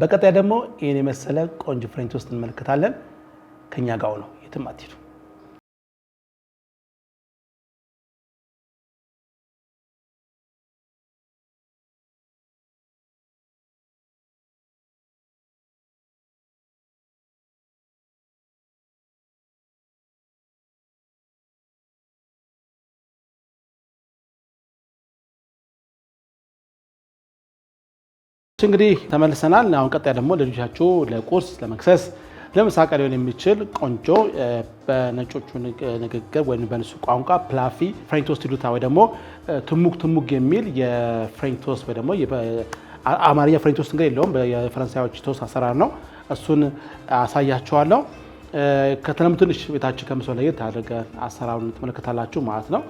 በቀጣይ ደግሞ ይህን የመሰለ ቆንጆ ፍሬንች ውስጥ እንመለከታለን። ከእኛ ጋው ነው የትም አትሄዱ። እንግዲህ ተመልሰናል። አሁን ቀጣይ ደግሞ ለልጆቻችሁ ለቁርስ፣ ለመክሰስ፣ ለምሳቀ ሊሆን የሚችል ቆንጆ በነጮቹ ንግግር ወይም በነሱ ቋንቋ ፕላፊ ፍሬንች ቶስት ይሉታ ወይ ደግሞ ትሙቅ ትሙቅ የሚል የፍሬንች ቶስት ወይ ደግሞ አማርኛ ፍሬንች ቶስት እንግዲህ የለውም። የፈረንሳዮች ቶስት አሰራር ነው። እሱን አሳያችኋለሁ። ከተለምዶ ትንሽ ቤታችን ከምስ ለየት አድርገ አሰራሩን ትመለከታላችሁ ማለት ነው።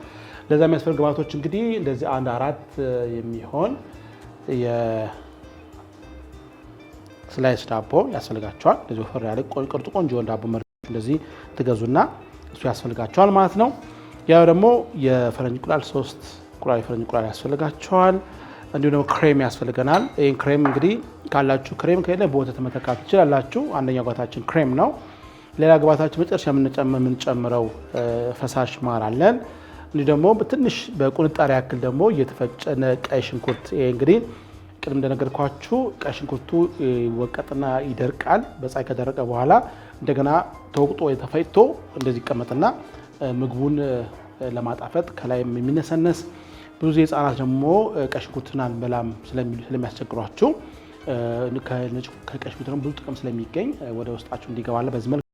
ለዛ የሚያስፈልግ ግባቶች እንግዲህ እንደዚህ አንድ አራት የሚሆን ስላይስ ዳቦ ያስፈልጋቸዋል። እዚ ወፈር ያለ ቅርጡ ቆንጆ የሆነ ዳቦ መርጥ እንደዚህ ትገዙና እሱ ያስፈልጋቸዋል ማለት ነው። ያው ደግሞ የፈረንጅ እንቁላል ሶስት እንቁላል የፈረንጅ እንቁላል ያስፈልጋቸዋል። እንዲሁም ደግሞ ክሬም ያስፈልገናል። ይህን ክሬም እንግዲህ ካላችሁ ክሬም ከሌለ በወተት መተካት ትችላላችሁ። አንደኛ ግባታችን ክሬም ነው። ሌላ ግባታችን መጨረሻ የምንጨምረው ፈሳሽ ማር አለን። እንዲሁ ደግሞ ትንሽ በቁንጣሪ ያክል ደግሞ እየተፈጨነ ቀይ ሽንኩርት ይሄ እንግዲህ ቅድም እንደነገርኳችሁ ቀይ ሽንኩርቱ ይወቀጥና ይደርቃል። በፀሐይ ከደረቀ በኋላ እንደገና ተወቅጦ ተፈጭቶ እንደዚህ ይቀመጥና ምግቡን ለማጣፈጥ ከላይ የሚነሰነስ ብዙ ጊዜ ህጻናት ደግሞ ቀይ ሽንኩርትን አንበላም ስለሚያስቸግሯቸው ከቀይ ሽንኩርት ብዙ ጥቅም ስለሚገኝ ወደ ውስጣችሁ እንዲገባለ በዚህ መልክ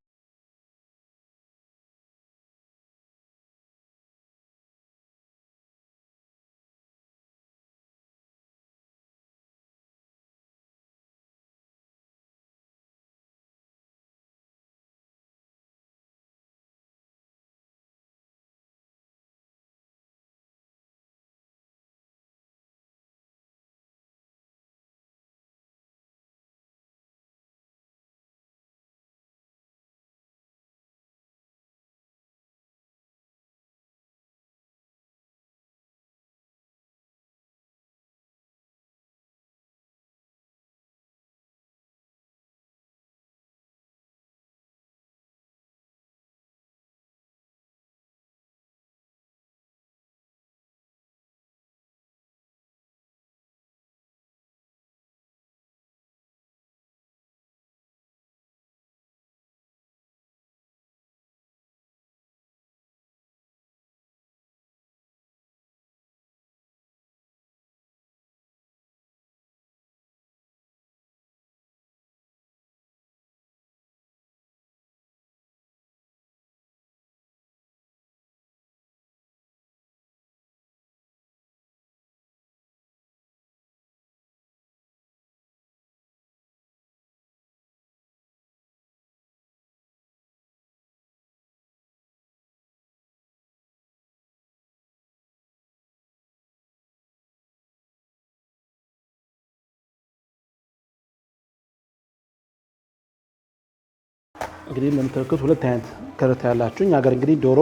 እንግዲህ እንደምትመለከቱት ሁለት አይነት ከረታ ያላችሁ እኛ ሀገር እንግዲህ ዶሮ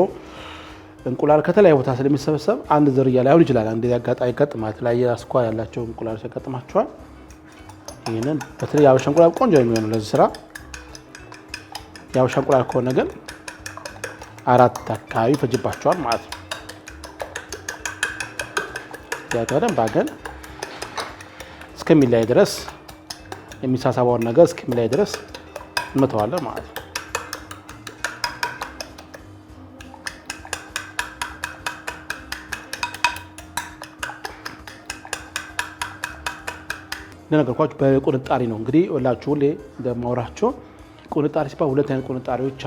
እንቁላል ከተለያየ ቦታ ስለሚሰበሰብ አንድ ዝርያ ላይሆን ይችላል። አንድ አይገጥማል። የተለያየ አስኳል ያላቸው እንቁላል ያጋጥማቸዋል። ይህንን በተለይ የአበሻ እንቁላል ቆንጆ የሚሆነው ለዚህ ስራ የአበሻ እንቁላል ከሆነ ግን አራት አካባቢ ይፈጅባቸዋል ማለት ነው። በደንብ አገን እስከሚላይ ድረስ የሚሳሳባውን ነገር እስከሚላይ ድረስ እንመተዋለን ማለት ነው። እንደነገርኳችሁ በቁንጣሪ ነው እንግዲህ ላችሁ ሁሌ እንደማውራቸው ቁንጣሪ ሲባል ሁለት አይነት ቁንጣሪዎች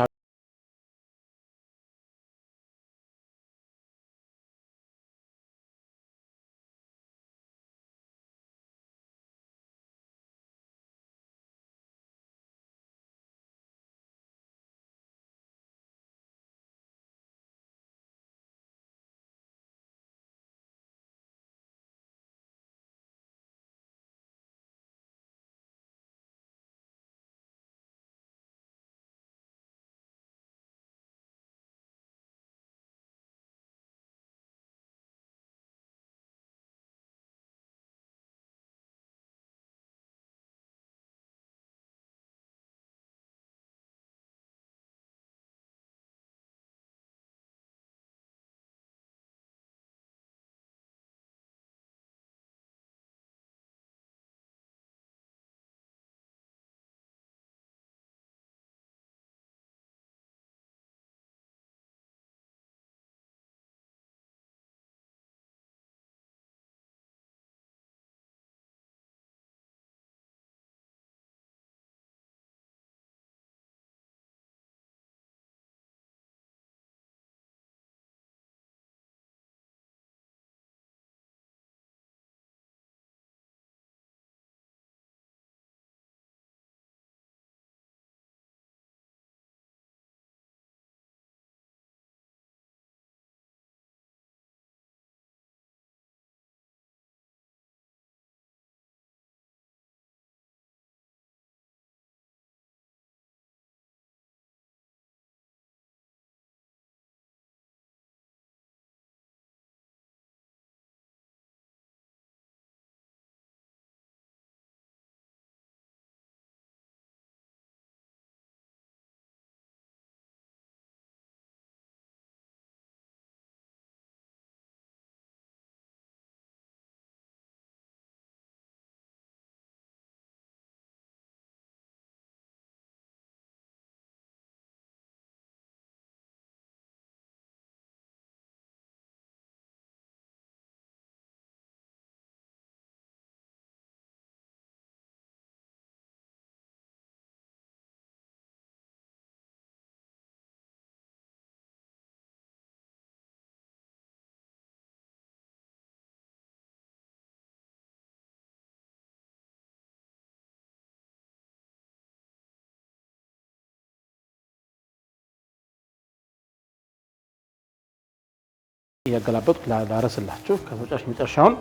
እያገላበጥኩ ላረስላችሁ ከመጨረሻ መጨረሻውን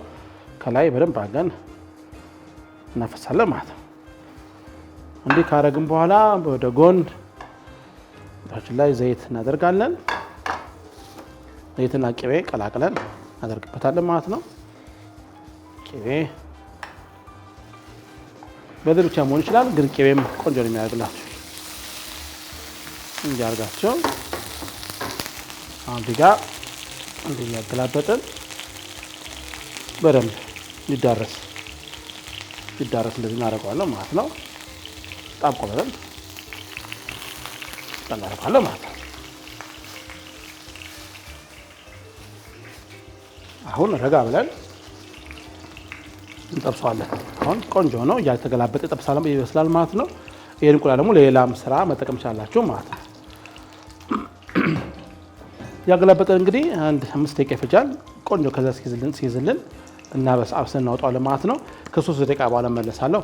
ከላይ በደንብ አድርገን እናፈሳለን ማለት ነው። እንዲህ ካረግን በኋላ ወደ ጎን ታችን ላይ ዘይት እናደርጋለን። ዘይትና ቅቤ ቀላቅለን እናደርግበታለን ማለት ነው። ቅቤ በዚህ ብቻ መሆን ይችላል፣ ግን ቅቤም ቆንጆ ነው የሚያደርግላችሁ እንጂ አድርጋቸው አንዲጋ እንዲያገላበጠን በደንብ ሊዳረስ ሊዳረስ እንደዚህ እናደርገዋለን ማለት ነው። ጣብቆ በደንብ እናደርገዋለን ማለት ነው። አሁን ረጋ ብለን እንጠብሰዋለን። አሁን ቆንጆ ነው፣ እያተገላበጠ ጠብሳለ ይበስላል ማለት ነው። ይህን እንቁላል ደግሞ ለሌላም ስራ መጠቀም ቻላችሁ ማለት ነው። ያገላበጠን እንግዲህ አንድ አምስት ደቂቃ ይፈጃል። ቆንጆ ከዛ ሲይዝልን እና በሰዓት ስናወጣዋለን ማለት ነው። ከሶስት ደቂቃ በኋላ መለሳለሁ።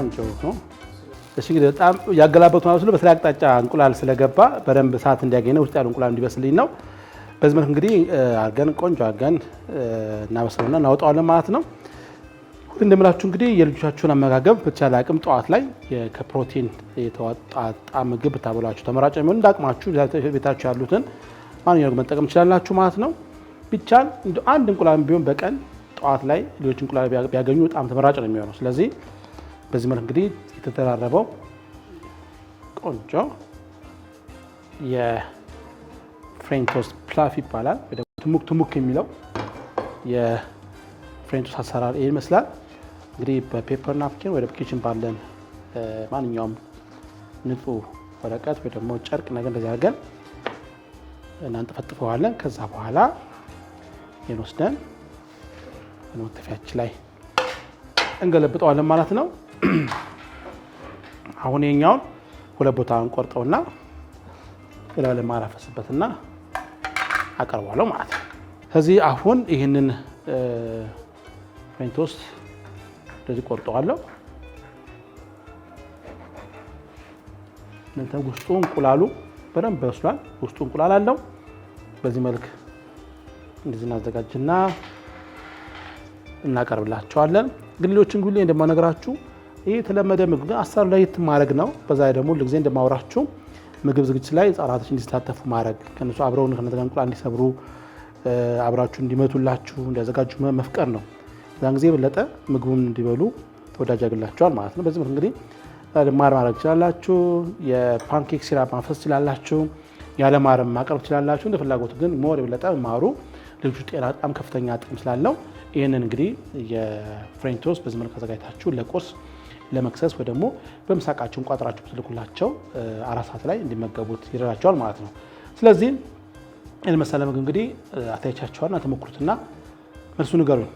ቆንጆ ነው። እሺ እንግዲህ በጣም ያገላበቱ ማለት ነው። በተለይ አቅጣጫ እንቁላል ስለገባ በደንብ ሰዓት እንዲያገኝ ነው፣ ውስጥ ያሉ እንቁላል እንዲበስልኝ ነው። በዚህ መልክ እንግዲህ አድርገን ቆንጆ አድርገን እናበስለውና እናወጣዋለን ማለት ነው። እንደምላችሁ እንግዲህ የልጆቻችሁን አመጋገብ በተቻለ አቅም ጠዋት ላይ ከፕሮቲን የተዋጣጣ ምግብ ብታበሏችሁ ተመራጭ የሚሆን እንዳቅማችሁ ቤታችሁ ያሉትን ማንኛውም መጠቀም ትችላላችሁ ማለት ነው። ቢቻል አንድ እንቁላል ቢሆን በቀን ጠዋት ላይ ልጆች እንቁላል ቢያገኙ በጣም ተመራጭ ነው የሚሆነው ስለዚህ በዚህ መልክ እንግዲህ የተደራረበው ቆንጆ የፍሬንች ቶስት ፕላፍ ይባላል። ትሙክ ትሙክ የሚለው የፍሬንች ቶስት አሰራር ይህ ይመስላል። እንግዲህ በፔፐር ናፍኪን ወይ ኪችን ባለን ማንኛውም ንጹህ ወረቀት ወይ ደግሞ ጨርቅ ነገር እንደዚህ አድርገን እናንጠፈጥፈዋለን። ከዛ በኋላ ይህን ወስደን መክተፊያችን ላይ እንገለብጠዋለን ማለት ነው። አሁን የኛውን ሁለት ቦታ እንቆርጠውና ሌላ ለማራፈስበትና አቀርባለሁ ማለት ነው። ከዚህ አሁን ይህንን ፔንት ውስጥ እንደዚህ ቆርጠዋለሁ። ውስጡ እንቁላሉ በደንብ በስሏል። ውስጡ እንቁላል አለው። በዚህ መልክ እንደዚህ እናዘጋጅና እናቀርብላቸዋለን። ግሌሎችን ጉሌ እንደማነግራችሁ ይህ የተለመደ ምግብ አሰራሩ ለየት ማድረግ ነው። በዛ ላይ ደግሞ ሁልጊዜ እንደማውራችሁ ምግብ ዝግጅት ላይ ህጻናቶች እንዲሳተፉ ማድረግ ከነሱ አብረው ንክነት ጋር እንቁላል እንዲሰብሩ አብራችሁ እንዲመቱላችሁ እንዲያዘጋጁ መፍቀር ነው። ዛን ጊዜ የበለጠ ምግቡን እንዲበሉ ተወዳጅ ያግላቸዋል ማለት ነው። በዚህ እንግዲህ ማር ማድረግ ትችላላችሁ። የፓንኬክ ሲራፕ ማፈስ ትችላላችሁ። ያለ ማርም ማቅረብ ትችላላችሁ። እንደ ፍላጎቱ ግን ሞር የበለጠ ማሩ ልጁ ጤና በጣም ከፍተኛ ጥቅም ስላለው ይህንን እንግዲህ የፍሬንች ቶስት በዚህ መልክ አዘጋጅታችሁ ለቁርስ ለመክሰስ ወይ ደግሞ በምሳቃችሁን ቋጥራችሁ ብትልኩላቸው አራት ሰዓት ላይ እንዲመገቡት ይረዳቸዋል ማለት ነው። ስለዚህ ይህን መሰለ ምግብ እንግዲህ አታይቻቸዋል ተሞክሩትና መልሱ ንገሩኝ።